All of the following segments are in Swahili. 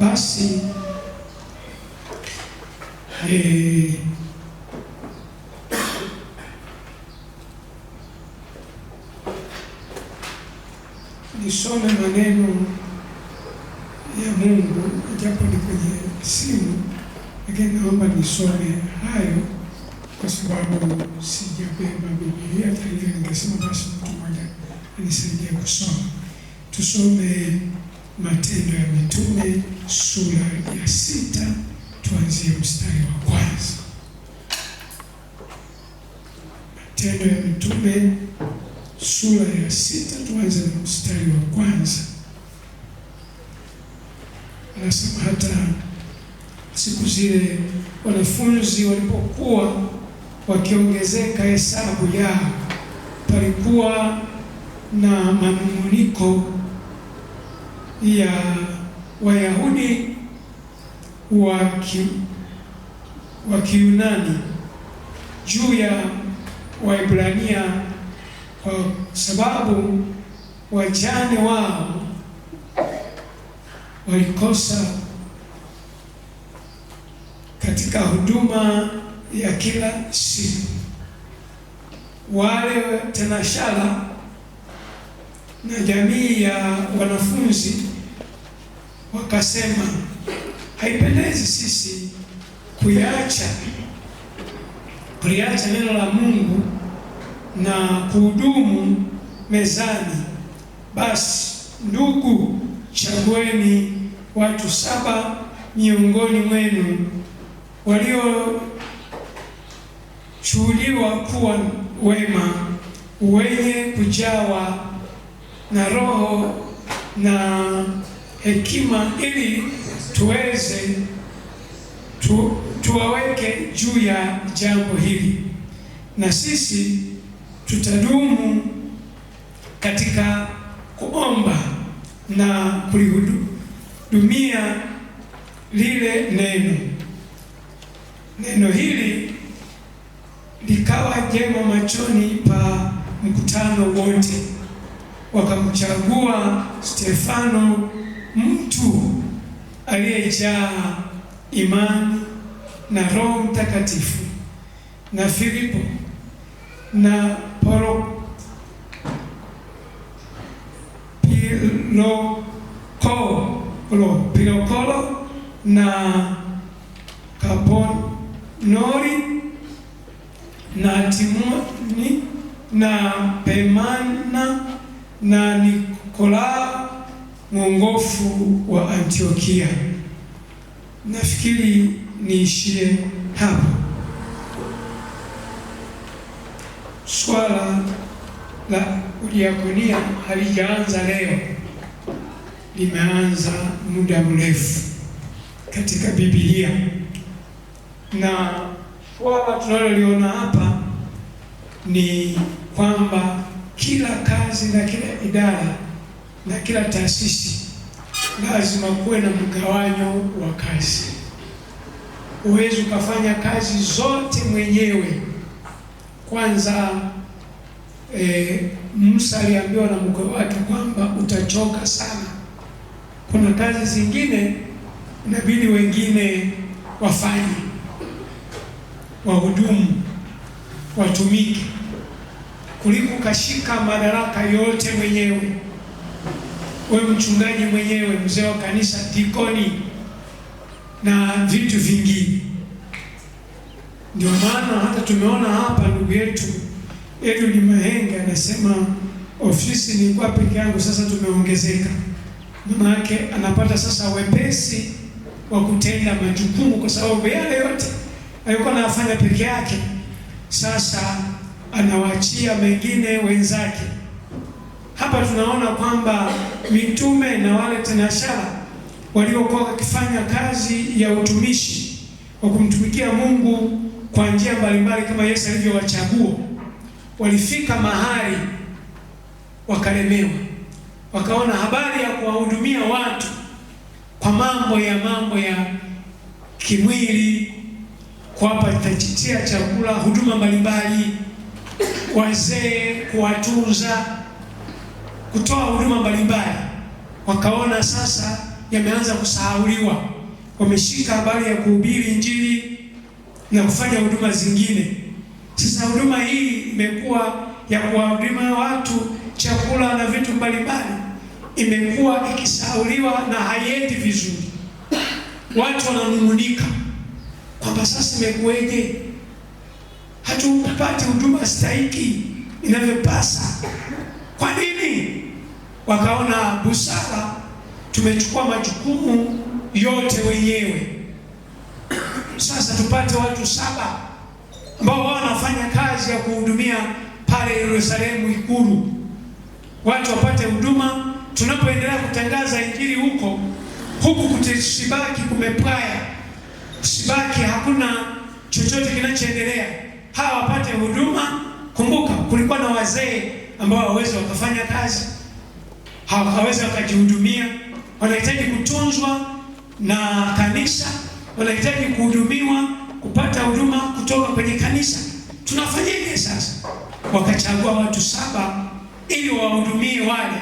Basi eh, nisome maneno ya Mungu japo ni kwenye simu, lakini naomba nisome hayo kwa sababu sijabeba Biblia. Hata hivyo, nikasema basi mtu mmoja anisaidia kusoma. Tusome Matendo ya Mitume sura ya sita tuanzie mstari wa kwanza. Matendo ya Mitume sura ya sita tuanze na mstari wa kwanza. Anasema hata siku zile wanafunzi walipokuwa wakiongezeka hesabu yao, palikuwa na manung'uniko ya Wayahudi wa ki, Kiunani juu ya Waebrania kwa sababu wajane wao walikosa katika huduma ya kila siku. Wale tenashara na jamii ya wanafunzi wakasema haipendezi sisi kuiacha kuliacha neno la Mungu na kuhudumu mezani. Basi ndugu, chagueni watu saba miongoni mwenu walioshuhudiwa kuwa wema, wenye kujawa na Roho na hekima ili tuweze tu, tuwaweke juu ya jambo hili, na sisi tutadumu katika kuomba na kulihudumia lile neno. Neno hili likawa jema machoni pa mkutano wote, wakamchagua Stefano mtu aliyejaa imani na Roho Mtakatifu na Filipo na Pilokolo na Kaponori na Timoni na Pemana na Nikolao mwongofu wa Antiokia. Nafikiri niishie hapa. Swala la udiakonia halijaanza leo, limeanza muda mrefu katika Biblia, na swala tunaloliona hapa ni kwamba kila kazi na kila idara na kila taasisi lazima kuwe na mgawanyo wa kazi. Huwezi ukafanya kazi zote mwenyewe. Kwanza e, Musa aliambiwa na mke wake kwamba utachoka sana, kuna kazi zingine inabidi wengine wafanye, wahudumu, watumike, kuliko ukashika madaraka yote mwenyewe wewe mchungaji mwenyewe, mzee wa kanisa, tikoni na vitu vingine. Ndio maana hata tumeona hapa ndugu yetu ni Mahenge anasema ofisi nilikuwa peke yangu, sasa tumeongezeka. Mama yake anapata sasa wepesi wa kutenda majukumu, kwa sababu yale yote alikuwa anafanya peke yake, sasa anawaachia mengine wenzake. Hapa tunaona kwamba mitume na wale tenashara waliokuwa wakifanya kazi ya utumishi wa kumtumikia Mungu kwa njia mbalimbali kama Yesu alivyowachagua, walifika mahali wakalemewa, wakaona habari ya kuwahudumia watu kwa mambo ya mambo ya kimwili, kuwapa tachitia chakula, huduma mbalimbali, wazee kuwatunza kutoa huduma mbalimbali, wakaona sasa yameanza kusahauliwa. Wameshika habari ya kuhubiri Injili na kufanya huduma zingine. Sasa huduma hii imekuwa ya kuwahudumia watu chakula na vitu mbalimbali, imekuwa ikisahauliwa na haiendi vizuri. Watu wananung'unika kwamba sasa imekuweje, hatupati huduma stahiki inavyopasa. Kwa nini? wakaona busara, tumechukua majukumu yote wenyewe. Sasa tupate watu saba ambao wao wanafanya kazi ya kuhudumia pale Yerusalemu Ikulu, watu wapate huduma. Tunapoendelea kutangaza injili huko huku, kutishibaki kumepwaya, sibaki hakuna chochote kinachoendelea, hawa wapate huduma. Kumbuka kulikuwa na wazee ambao waweza wakafanya kazi hawawezi wakajihudumia, wanahitaji kutunzwa na kanisa, wanahitaji kuhudumiwa, kupata huduma kutoka kwenye kanisa. Tunafanyaje sasa? Wakachagua watu saba ili wahudumie wale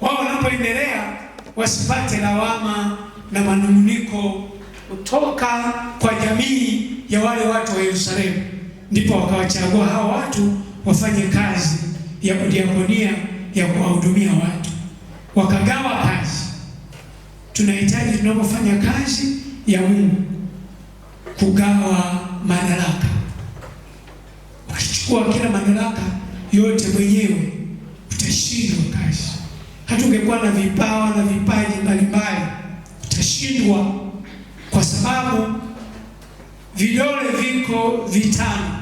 wao, wanapoendelea wasipate lawama na manunguniko kutoka kwa jamii ya wale watu wa Yerusalemu. Ndipo wakawachagua hao watu wafanye kazi ya kudiakonia ya kuwahudumia watu wakagawa kazi. Tunahitaji tunapofanya kazi ya Mungu kugawa madaraka, ukichukua kila madaraka yote mwenyewe utashindwa kazi. Hata ungekuwa na vipawa na vipaji mbalimbali utashindwa, kwa sababu vidole viko vitano,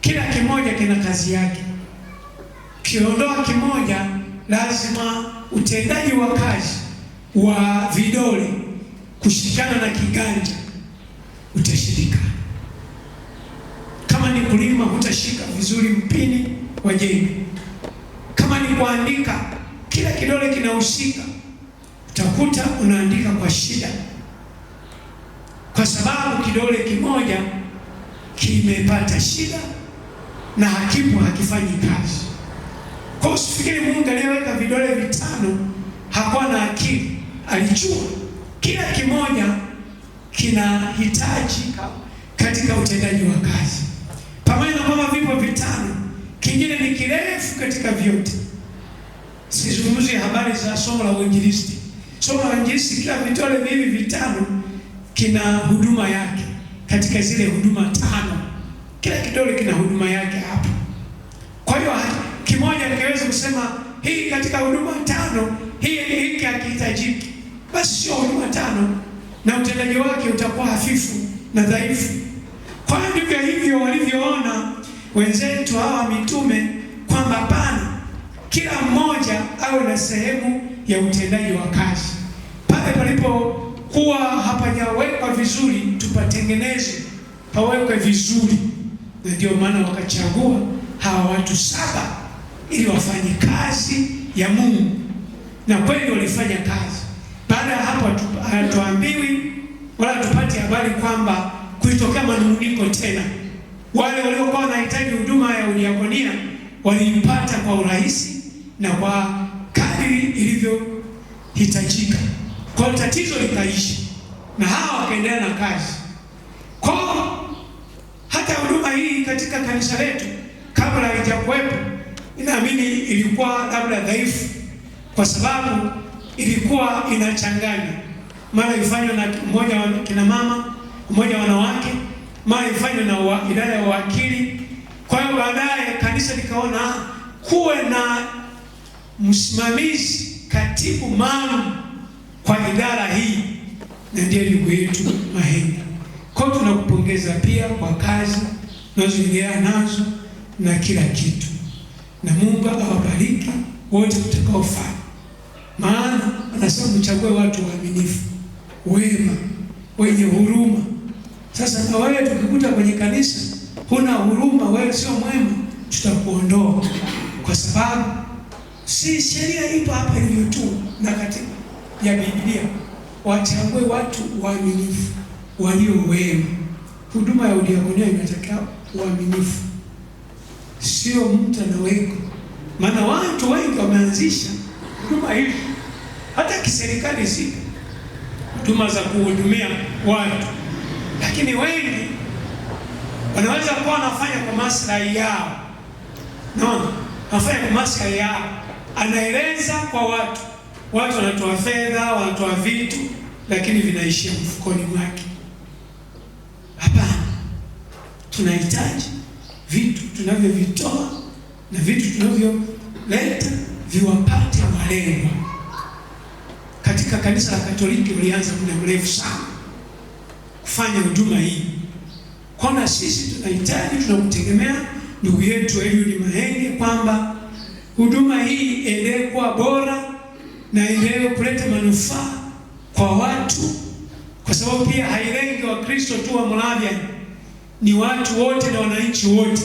kila kimoja kina kazi yake. kiondoa kimoja lazima utendaji wa kazi wa vidole kushikana na kiganja utashirika. Kama ni kulima, utashika vizuri mpini wa jembe. Kama ni kuandika, kila kidole kinahusika. Utakuta unaandika kwa shida, kwa sababu kidole kimoja kimepata shida na hakipo, hakifanyi kazi. Kwa usifikiri Mungu aliyeweka vidole vitano hakuwa na akili, alijua kila kimoja kinahitaji katika utendaji wa kazi. Pamoja na kwamba vipo vitano, kingine ni kirefu katika vyote. Sizungumzie habari za somo la uinjilisti. Somo la uinjilisti, kila vitole hivi vitano kina huduma yake katika zile huduma tano, kila kidole kina huduma yake hapo. Kwa hiyo hawezi kusema hii katika huduma tano hii hiki hakihitajiki, basi sio huduma tano na utendaji wake utakuwa hafifu na dhaifu. Kwa ndivyo hivyo walivyoona wenzetu hawa mitume kwamba pana kila mmoja awe na sehemu ya utendaji wa kazi. Pale palipokuwa hapajawekwa vizuri, tupatengeneze pawekwe vizuri, na ndio maana wakachagua hawa watu saba ili wafanye kazi ya Mungu, na kweli walifanya kazi. Baada ya hapo, hatuambiwi wala hatupati habari kwamba kulitokea manunguniko tena. Wale waliokuwa wanahitaji huduma ya udiakonia waliipata kwa urahisi na kwa kadiri ilivyohitajika, kwa tatizo likaishi, na hawa wakaendelea na kazi kwa Hata huduma hii katika kanisa letu kabla haijakuwepo inaamini ilikuwa labda dhaifu, kwa sababu ilikuwa inachanganya, mara ifanywe na mmoja wa kina mama, mmoja wanawake, mara ifanywe na idara ya wakili. Kwa hiyo baadaye kanisa likaona ah, kuwe na msimamizi, katibu maalum kwa idara hii, na ndiye ndugu yetu Mahenga. Kwa hiyo tunakupongeza pia kwa kazi unazoendelea nazo na kila kitu na Mungu awabariki wote mtakaofanya, maana anasema mchague watu waaminifu, wema, wenye huruma. Sasa na wewe tukikuta kwenye kanisa huna huruma, wewe sio mwema, tutakuondoa kwa sababu si sheria ipo hapa ilivyo tu na katiba ya Biblia. Wachague watu waaminifu, walio wema. Huduma ya udiakonia inatakiwa uaminifu sio mtu anaweka. Maana watu wengi wameanzisha huduma hizi, hata kiserikali si huduma za kuhudumia watu, lakini wengi wanaweza kuwa wanafanya kwa maslahi yao. Naona anafanya kwa maslahi yao, anaeleza kwa watu, watu wanatoa fedha, wanatoa vitu, lakini vinaishia mfukoni mwake. Hapana, tunahitaji vitu tunavyovitoa na vitu tunavyoleta viwapate walengwa. Katika kanisa la Katoliki walianza muda mrefu sana kufanya huduma hii. na sisi tunahitaji, tunamtegemea ndugu yetu Eliud Mahenge kwamba huduma hii endelee kuwa bora na endelee kuleta manufaa kwa watu, kwa sababu pia hailengi Wakristo tu wa Moravian ni watu wote na wananchi wote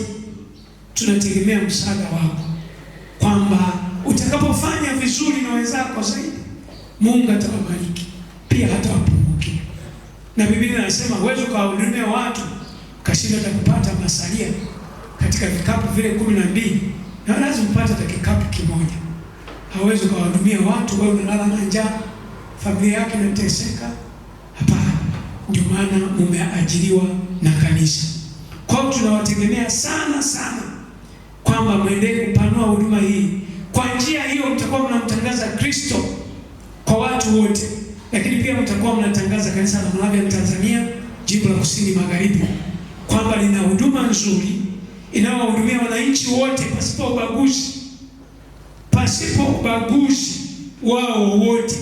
tunategemea msaada wako, kwamba utakapofanya vizuri na wenzako zaidi, Mungu atawabariki pia hatawapungukia. Na Biblia inasema huwezi ukawahudumia watu kashinda takupata masalia katika vikapu vile kumi na mbili, na lazima upate hata kikapu kimoja. Hawezi ukawahudumia watu, wewe unalala na njaa, familia yake inateseka. Hapana, ndio maana mumeajiriwa na kanisa. Kwa hiyo tunawategemea sana sana kwamba mwendelee kupanua huduma hii. Kwa njia hiyo mtakuwa mnamtangaza Kristo kwa watu wote, lakini pia mtakuwa mnatangaza kanisa la Malawi Tanzania jimbo la kusini magharibi kwamba lina huduma nzuri inayowahudumia wananchi wote pasipo ubaguzi, pasipo ubaguzi wao wote,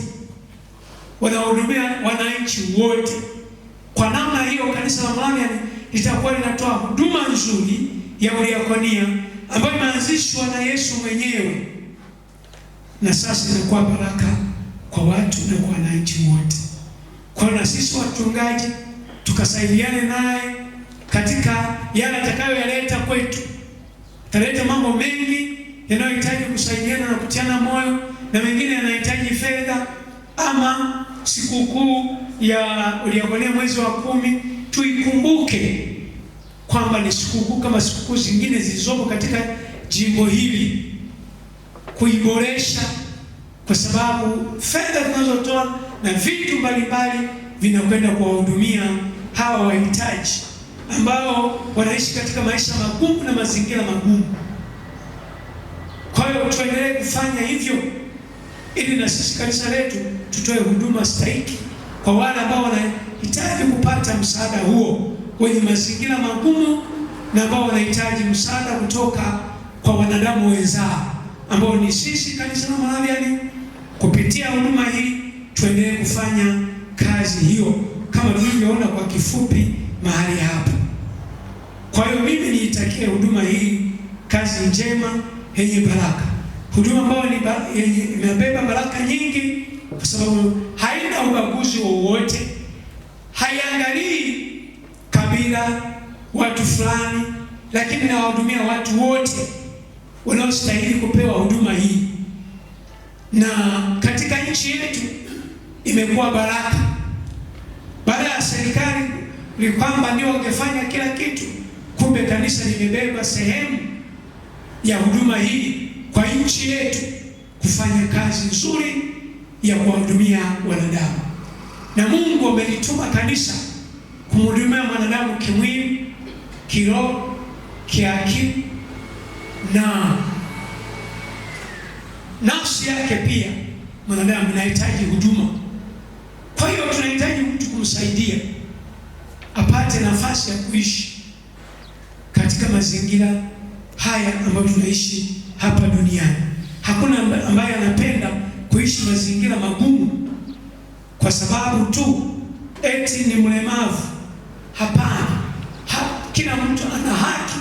wanahudumia wananchi wote. Kwa namna hiyo, kanisa la Mlamani litakuwa linatoa huduma nzuri ya udiakonia ambayo imeanzishwa na Yesu mwenyewe, na sasa inakuwa baraka kwa watu na kwa wananchi wote. Kwa na sisi wachungaji tukasaidiane naye katika yale atakayoyaleta kwetu. Ataleta mambo mengi yanayohitaji kusaidiana na kutiana moyo, na mengine yanahitaji fedha ama sikukuu ya uliokolea mwezi wa kumi, tuikumbuke kwamba ni sikukuu kama sikukuu zingine zilizopo katika jimbo hili, kuiboresha kwa sababu fedha tunazotoa na vitu mbalimbali vinakwenda kuwahudumia hawa wahitaji ambao wanaishi katika maisha magumu na mazingira magumu. Kwa hiyo tuendelee kufanya hivyo, ili na sisi kanisa letu tutoe huduma stahiki kwa wale ambao wanahitaji kupata msaada huo wenye mazingira magumu na ambao wanahitaji msaada kutoka kwa wanadamu wenzao ambao ni sisi kanisa la Moravian. Kupitia huduma hii tuendelee kufanya kazi hiyo kama tulivyoona kwa kifupi mahali hapa. Kwa hiyo mimi niitakie huduma hii kazi njema yenye baraka, huduma ambayo imebeba baraka nyingi, kwa sababu haina ubaguzi wowote, haiangalii kabila, watu fulani, lakini nawahudumia watu wote wanaostahili kupewa huduma hii, na katika nchi yetu imekuwa baraka baada ya serikali ni kwamba ndio wangefanya kila kitu, kumbe kanisa limebeba sehemu ya huduma hii kwa nchi yetu kufanya kazi nzuri ya kuwahudumia wanadamu, na Mungu amelituma kanisa kumhudumia mwanadamu kimwili, kiroho, kiakili na nafsi yake pia. Mwanadamu anahitaji huduma, kwa hiyo tunahitaji mtu kumsaidia apate nafasi ya kuishi katika mazingira haya ambayo tunaishi hapa duniani. Hakuna ambaye anapenda kuishi mazingira magumu kwa sababu tu eti ni mlemavu. Hapana, ha, kila mtu ana haki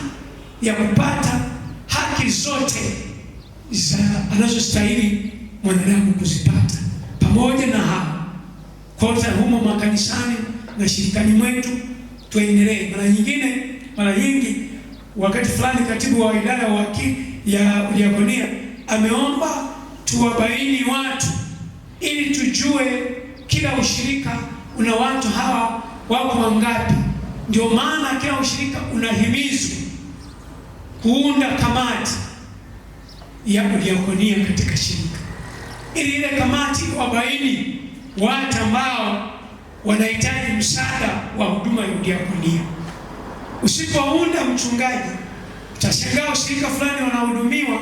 ya kupata haki zote za anazostahili mwanadamu kuzipata, pamoja na hao kota humo makanisani na shirikani mwetu tuendelee. Mara nyingine, mara nyingi, wakati fulani katibu wa idara ya udiakonia ameomba tuwabaini watu ili tujue kila ushirika una watu hawa wako wangapi. Ndio maana kila ushirika unahimizwa kuunda kamati ya udiakonia katika shirika, ili ile kamati wabaini watu ambao wanahitaji msaada wa huduma ya udiakonia. Usipounda mchungaji, utashangaa ushirika fulani wanahudumiwa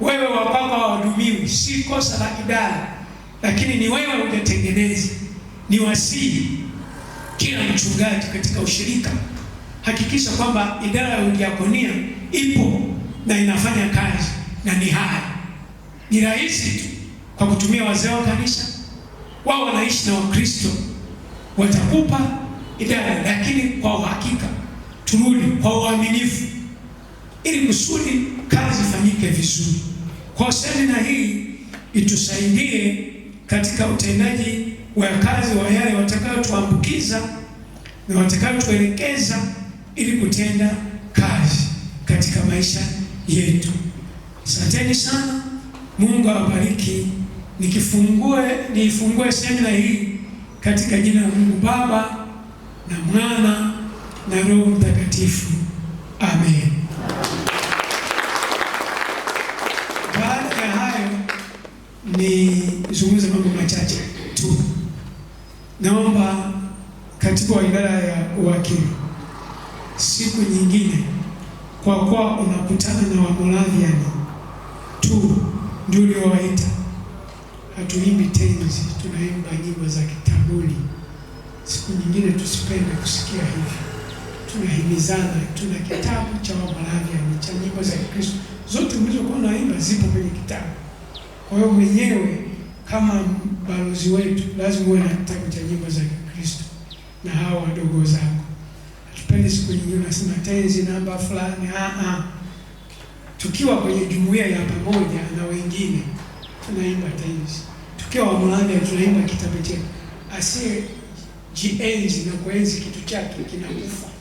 wewe wapapa wahudumiwi, si kosa la idara, lakini ni wewe ujatengeneza. Ni wasihi kila mchungaji katika ushirika, hakikisha kwamba idara ya udiakonia ipo na inafanya kazi na ni hai. Ni rahisi tu kwa kutumia wazee wa kanisa, wao wanaishi na Wakristo, watakupa idara, lakini kwa uhakika, turudi kwa uaminifu ili kusudi kazi ifanyike vizuri. Kwa semina hii itusaidie katika utendaji wa kazi wa yale watakayotuambukiza na watakayotuelekeza ili kutenda kazi katika maisha yetu. Asanteni sana, Mungu awabariki. Nikifungue niifungue semina hii katika jina la Mungu Baba na Mwana na Roho Mtakatifu, amen. ni zungumza mambo machache tu. Naomba katibu wa idara ya uwakili, siku nyingine, kwa kuwa unakutana na wamoravyani tu ndio uliowaita, hatuimbi tenzi, tunaimba nyimbo za kitabuni. Siku nyingine tusipende kusikia hivyo, tunahimizana. Tuna kitabu cha wamoravyani cha nyimbo za Kikristo, zote mlizokuwa unaimba zipo kwenye kitabu kwa hiyo mwenyewe kama balozi wetu lazima uwe na kitabu cha nyimbo za Kikristo na hawa wadogo zako. Hatupendi siku nyingine unasema tenzi namba fulani. Ah, ah. tukiwa kwenye jumuiya ya pamoja na wengine tunaimba tenzi, tukiwa wamoja tunaimba kitabu chetu. Asiye jienzi na kuenzi kitu chake kinakufa.